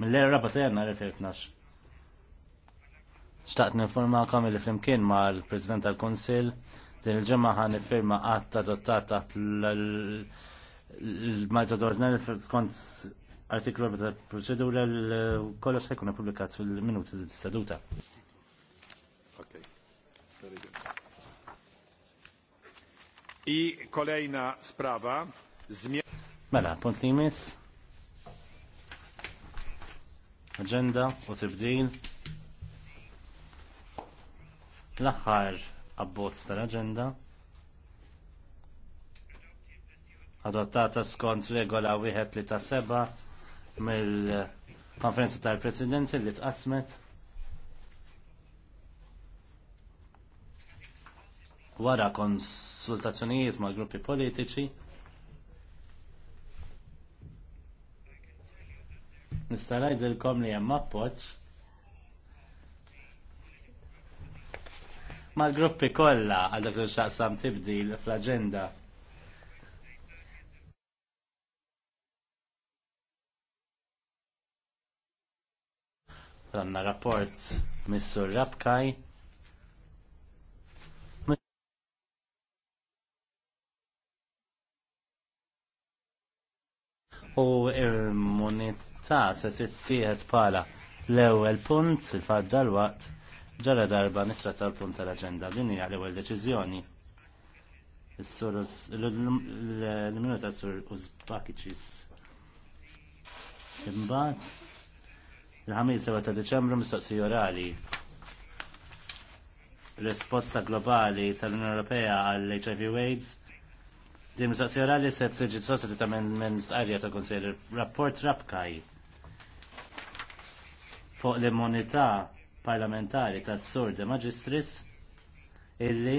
mill-erra baterna l-2012. Xtaqt ninforma il flimkien ma l-President tal-Konsil din il-ġemma ħan firma għatta adottat taħt l d Ordinari skont artiklu ta' proċedura l-kollox ħajkun publikat fil-minuti seduta. I kolejna sprawa. Mela, punt li jmiss agenda u tibdil l-aħħar abbozz tal-agenda adottata skont regola wieħed li ta' seba mill-konferenza tal-presidenzi li tqasmet wara konsultazzjonijiet mal gruppi politiċi Nista' ngħidilkom li hemm Ma mal-gruppi kollha għal dak li xaqsam tibdil fl-aġenda. Għanna rapport Missur Rabkaj. u immunità se tittieħed bħala l-ewwel punt il-fatt dal-waqt ġara darba nittratta l-punt tal-aġenda din hija l-ewwel deċiżjoni. L-minuta sur Uzbakiċis. Imbagħad il-ħamis 7 ta' Deċembru mistoqsi orali. Risposta globali tal-Unjoni Ewropea għall HIV AIDS Di mżaqsira li se t-sġi t-sosrita minn stqarja ta' konsejl. Rapport rabkaj fuq l-immunità parlamentari tas sur de magistris illi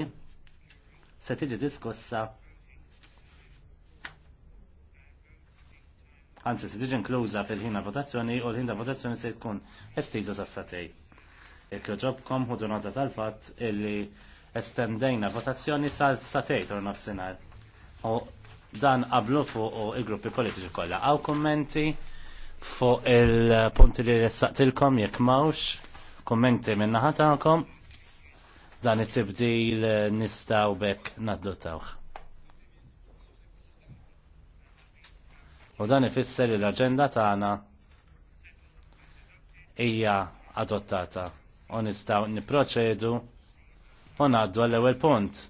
se tiġi diskossa Anzi, se tiġi nkluża fil-ħin votazzjoni u l-ħin votazzjoni se tkun estiża sa' satej. Il-kjoġobkom ħudu nota tal-fatt illi estendejna votazzjoni sal satej tor nofsinhar u dan qablu fuq il-gruppi politiċi kollha. Għaw kommenti fuq il-punti li l-saqtilkom jekk mawx kommenti minna naħatakom dan it-tibdil nistaw bekk naddotawh. U dan ifisser li l-aġenda tagħna hija adottata u nistgħu nipproċedu u ngħaddu għall-ewwel punt.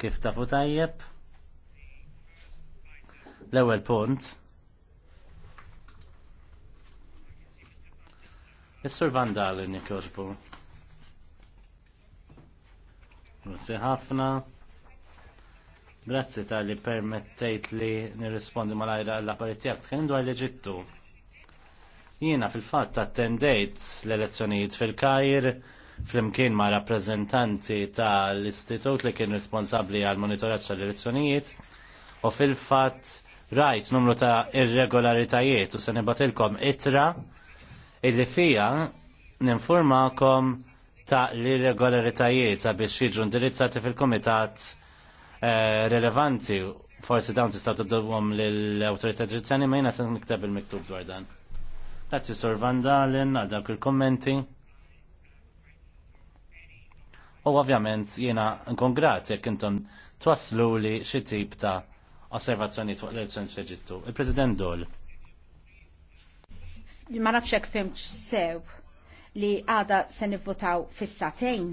Kif tafu tajjeb? L-ewwel punt. Is-Sur Vandal nikjoġbu. Grazzi ħafna. Grazzi ta' li permettejt li nirrispondi mal-ajra l-apparitijak. Tkellim dwar l-Eġittu. Jiena fil-fatt attendejt l-elezzjonijiet fil-Kajr flimkien ma' rappreżentanti tal-istitut li kien responsabbli għal monitoraġġ tal-elezzjonijiet u fil-fatt rajt numru ta' irregolaritajiet u se nibatilkom itra illi fija ninformakom ta' l-irregolaritajiet sabiex jiġu indirizzati fil-komitat eh, relevanti forsi dawn tista' tibdilhom lill-awtorità ġudizzjani ma jiena se nikteb il-miktub dwar dan. Grazzi Sur Van Dalen għal dawk il-kommenti u ovvjament jiena nkun jekk intom twaslu li xi tip ta' osservazzjoni fuq l-elezzjoni fl-Eġittu. Il-President Dol. Ma nafx hekk fimx sew li għada se nivvotaw fis-satejn.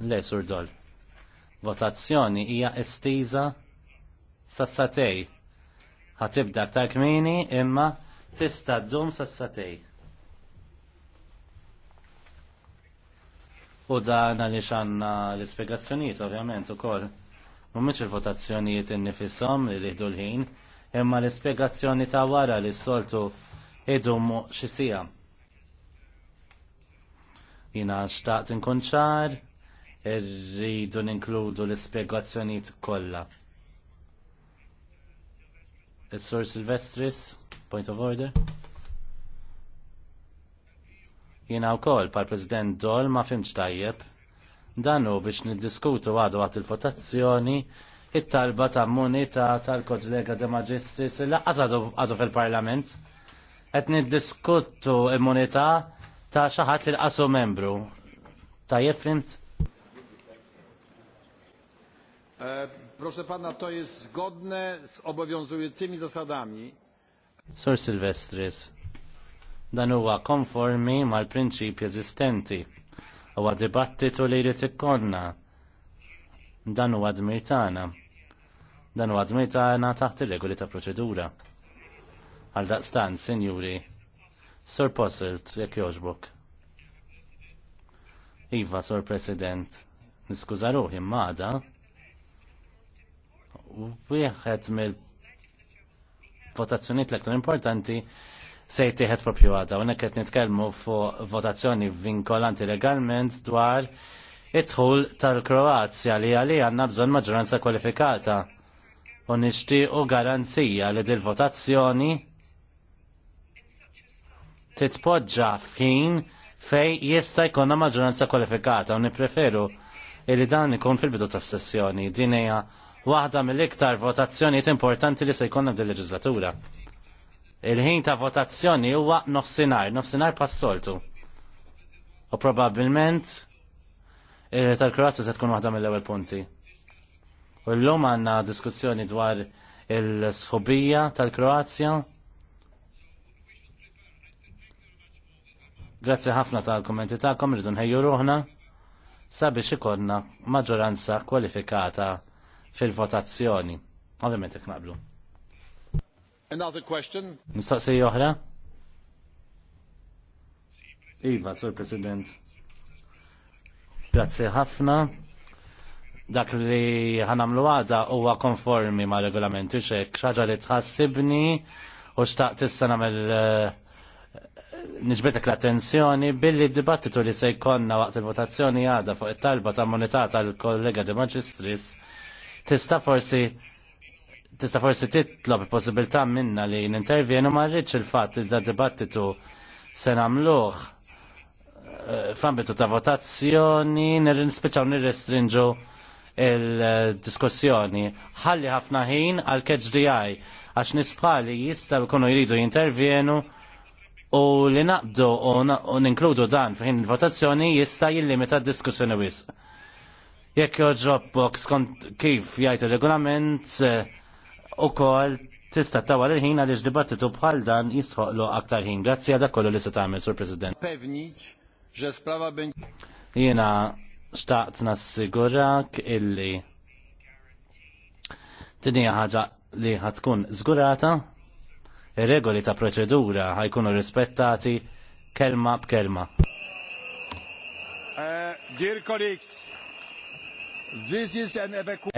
Le, Sur Dol. Votazzjoni hija estiża sassatej. Ħatibda ktar kmini imma tista' ddum sassatej. U dan għaliex għandna l-ispjegazzjonijiet ovvjament ukoll. Mhumiex il-votazzjonijiet innifisom li jieħdu l-ħin, imma l-ispjegazzjoni ta' wara li s-soltu idum xi Jina xtaqt inkun ċar, irridu ninkludu l-ispjegazzjonijiet kollha. Is-Sur Silvestris, point of order. Jina u kol par President Dol ma fimx tajjeb. Danu biex niddiskutu għadu għat il-votazzjoni it-talba ta' munita tal-kodlega de Magistris il-laqqas għadu fil-parlament. Et niddiskutu immunità ta' xaħat li l-qasu membru. Tajjeb fint. E, proszę pana, to jest zgodne z obowiązującymi zasadami. Sir Silvestris Dan huwa konformi mal-prinċipji eżistenti. Huwa dibattitu li jrid ikkonna. Dan huwa dmir tagħna. Dan huwa dmir tagħna taħt ir-regoli ta' proċedura. Għal daqstan, sinjuri, Sir Posselt, jekk jogħġbok. Iva, Sir President, niskuża ruħi imma wieħed mill votazzjoniet l-aktar importanti se jtieħed propju għada. Unek qed nitkellmu fuq votazzjoni vinkolanti legalment dwar it-tħul tal-Kroazja li għali għanna bżon maġġoranza kwalifikata u nixtiequ garanzija li dil-votazzjoni titpoġġa f'ħin fej jista' jkollna maġġoranza kwalifikata u nippreferu li dan ikun fil-bidu tas-sessjoni. Din hija waħda mill-iktar votazzjonijiet importanti li se jkollna din leġislatura il-ħin ta' votazzjoni huwa nofsinhar, nofsinhar passoltu. U probabbilment eh, tal-Kroazja se tkun waħda mill-ewwel punti. U llum għandna diskussjoni dwar il-sħubija tal-Kroazja. Grazzi ħafna tal-kommenti tagħkom rridu nħejju ruħna sabiex ikollna maġġoranza kwalifikata fil-votazzjoni. Ovvjament iknaqblu. Another question? Mistaqsija oħra? Iva, Sur President. Grazie ħafna. Dak li ħanamlu għada huwa konformi ma' regolamenti xek, xaġa li tħassibni u xtaqt tista' nagħmel eh, nġbetek l-attenzjoni billi dibattitu li se jkollna waqt il-votazzjoni għada fuq it-talba ta' monetata tal kollega De Magistris tista' forsi tista' forsi titlob il-possibilità minna li nintervjenu ma rridx il-fatt li da dibattitu se nagħmluh eh, f'ambitu ta' votazzjoni nirrispiċaw nirrestrinġu il-diskussjoni. Ħalli ħafna ħin għal KHDI għax nisbħali jistaw kunu jridu jintervjenu u li naqbdu u ninkludu dan f'ħin il-votazzjoni jista' jillimita d-diskussjoni wisq. Jekk joġobbok skont kif jgħid ir regolament eh, u kol tista tawal il-ħin għaliex dibattitu bħal dan jisħoqlu aktar ħin. Grazzi għadak kollu li se tagħmel, Sur President. Pevniċ, ġe sprava ben. Jena xtaqt nassigurak illi tinija ħaġa li ħatkun zgurata, regoli ta' proċedura ħajkunu rispettati kelma b'kelma. Uh, dear colleagues,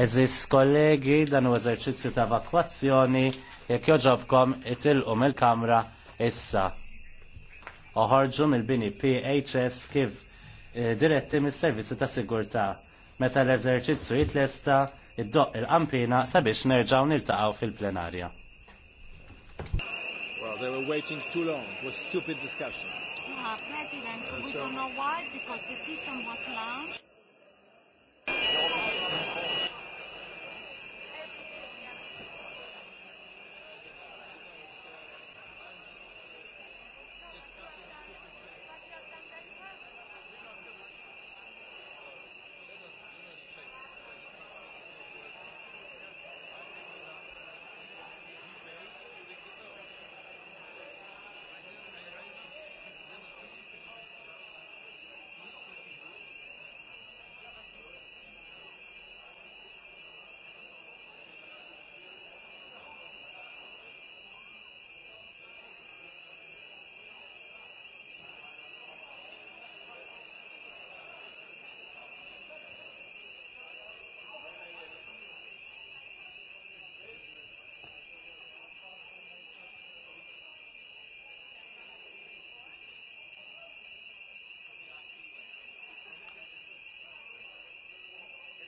Eżis kollegi dan u eżerċizzju ta' evakwazzjoni jekk joġobkom itilqu mill-kamra issa. Oħorġu mill-bini PHS kif eh, diretti mis-servizzi ta' sigurtà. Meta l-eżerċizzju jitlesta, id-doq il-qampina sabiex nerġaw niltaqgħu fil-plenarja. Well, they were waiting too long. It was stupid discussion. Uh, President, we don't know why, because the system was launched.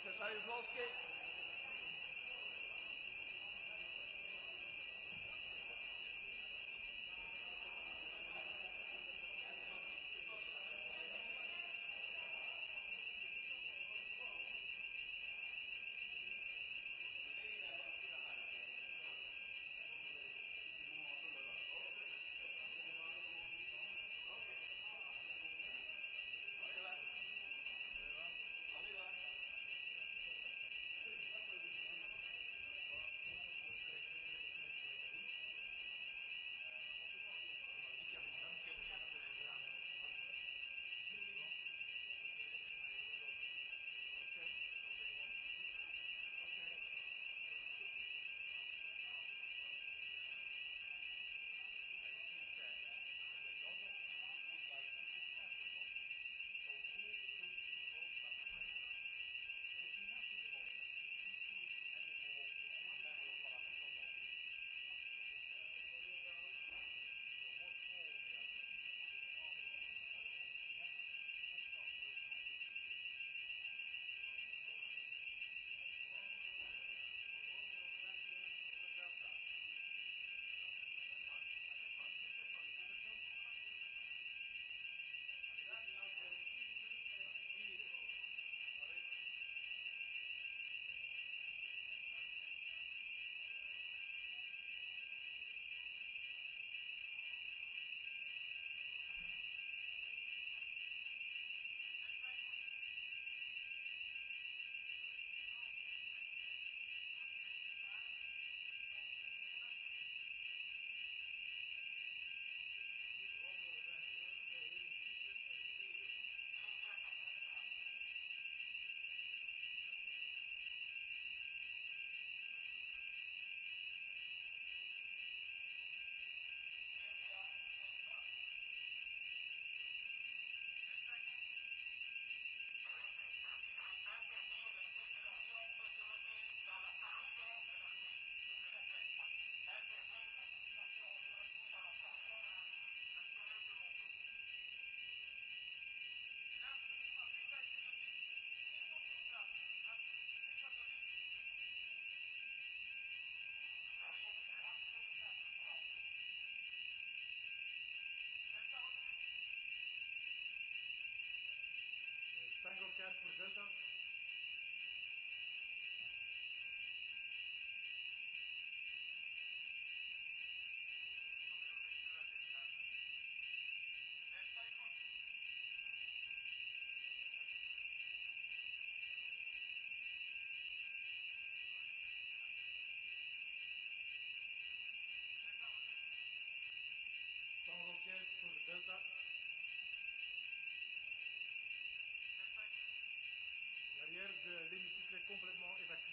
Mr. Sajuslovski. għandu kjas kurdelta? Tom Lopez, por complètement évacué.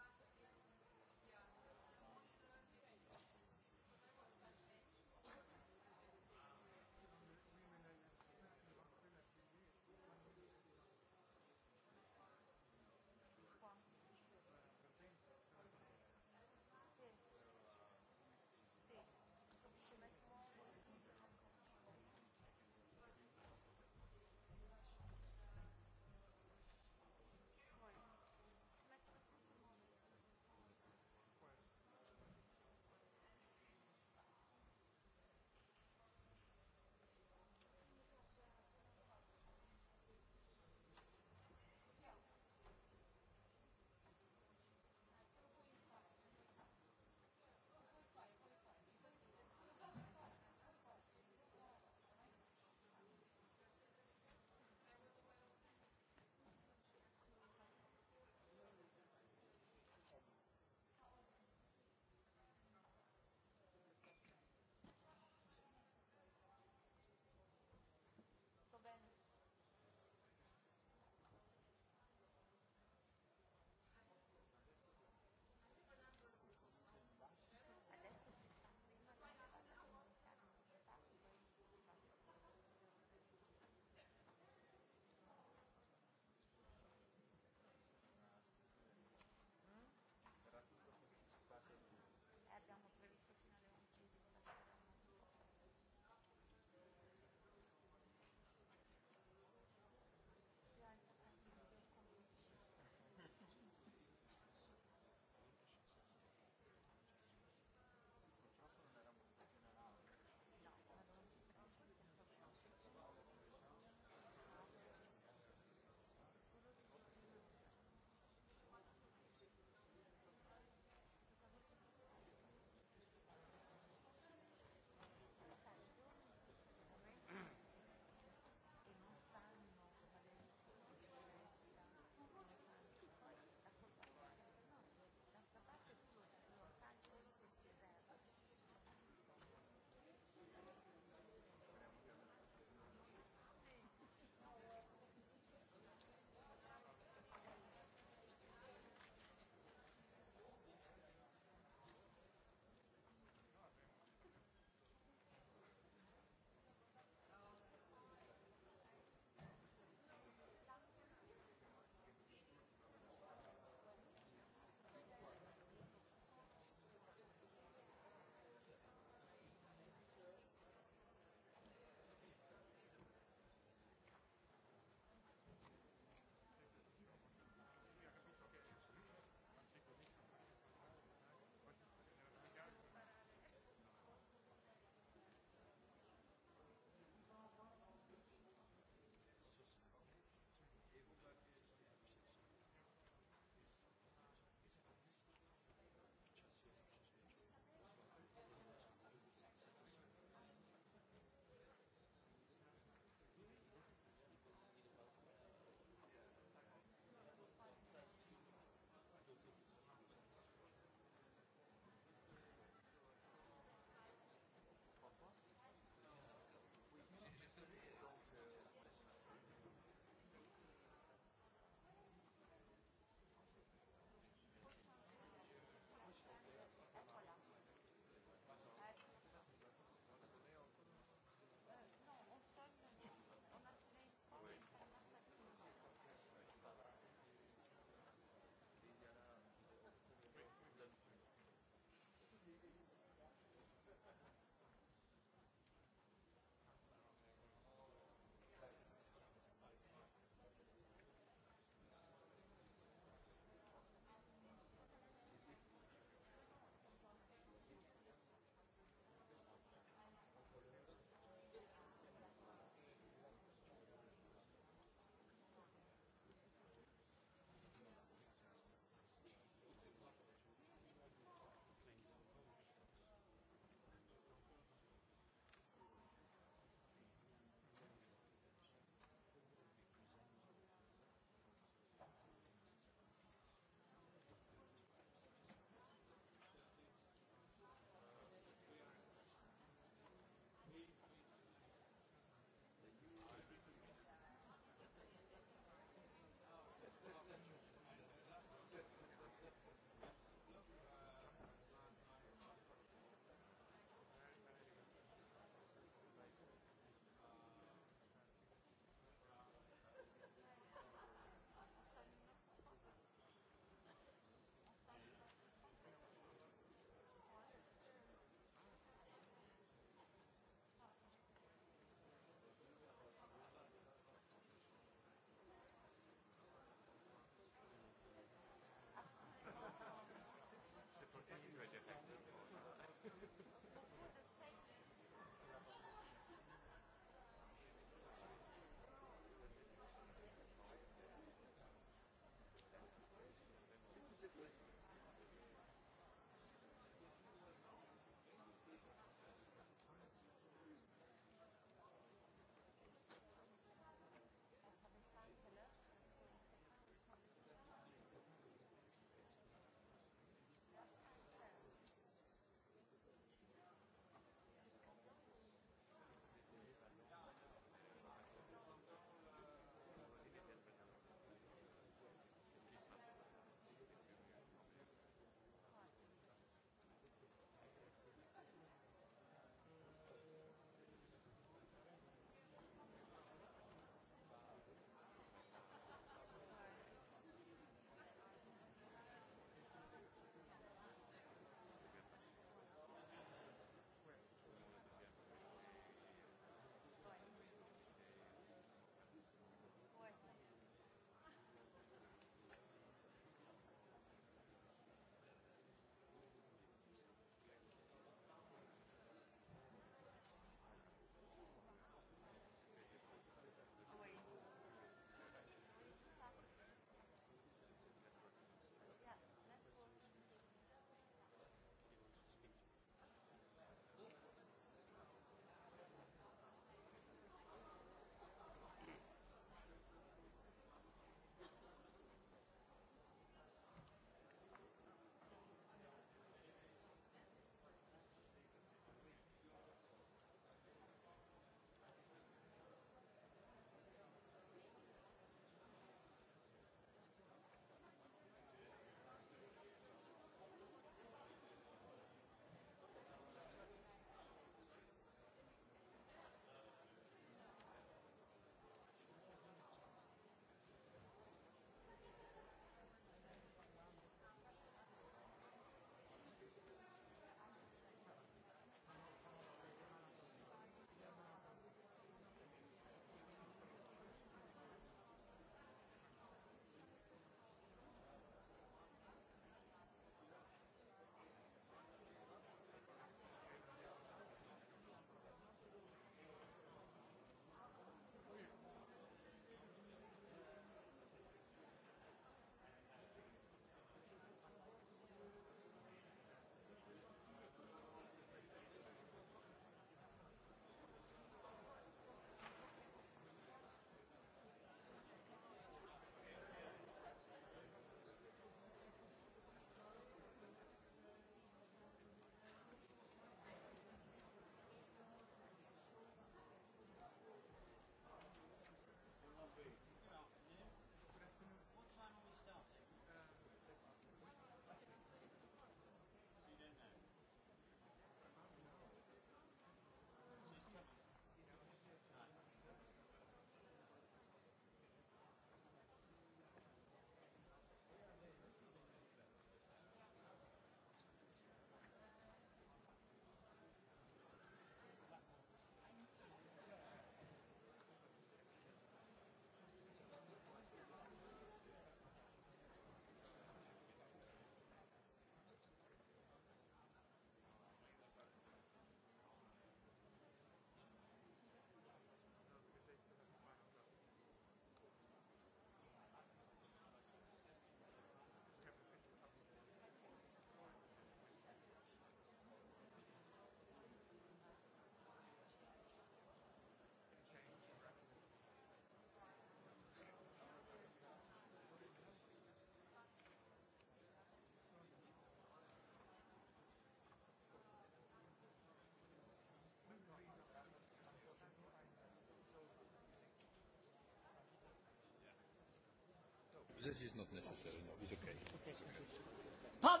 not necessary. No, it's okay. okay. It's okay. Pan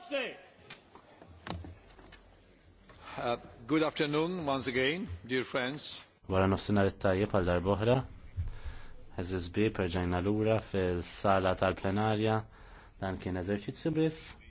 Przewodniczący! Uh, good afternoon once again, dear friends. Wara nofsinhar it-tajjeb għal darb'oħra. Eżizbi perġajna lura fil-sala tal-plenarja dan kien eżerċizzju biss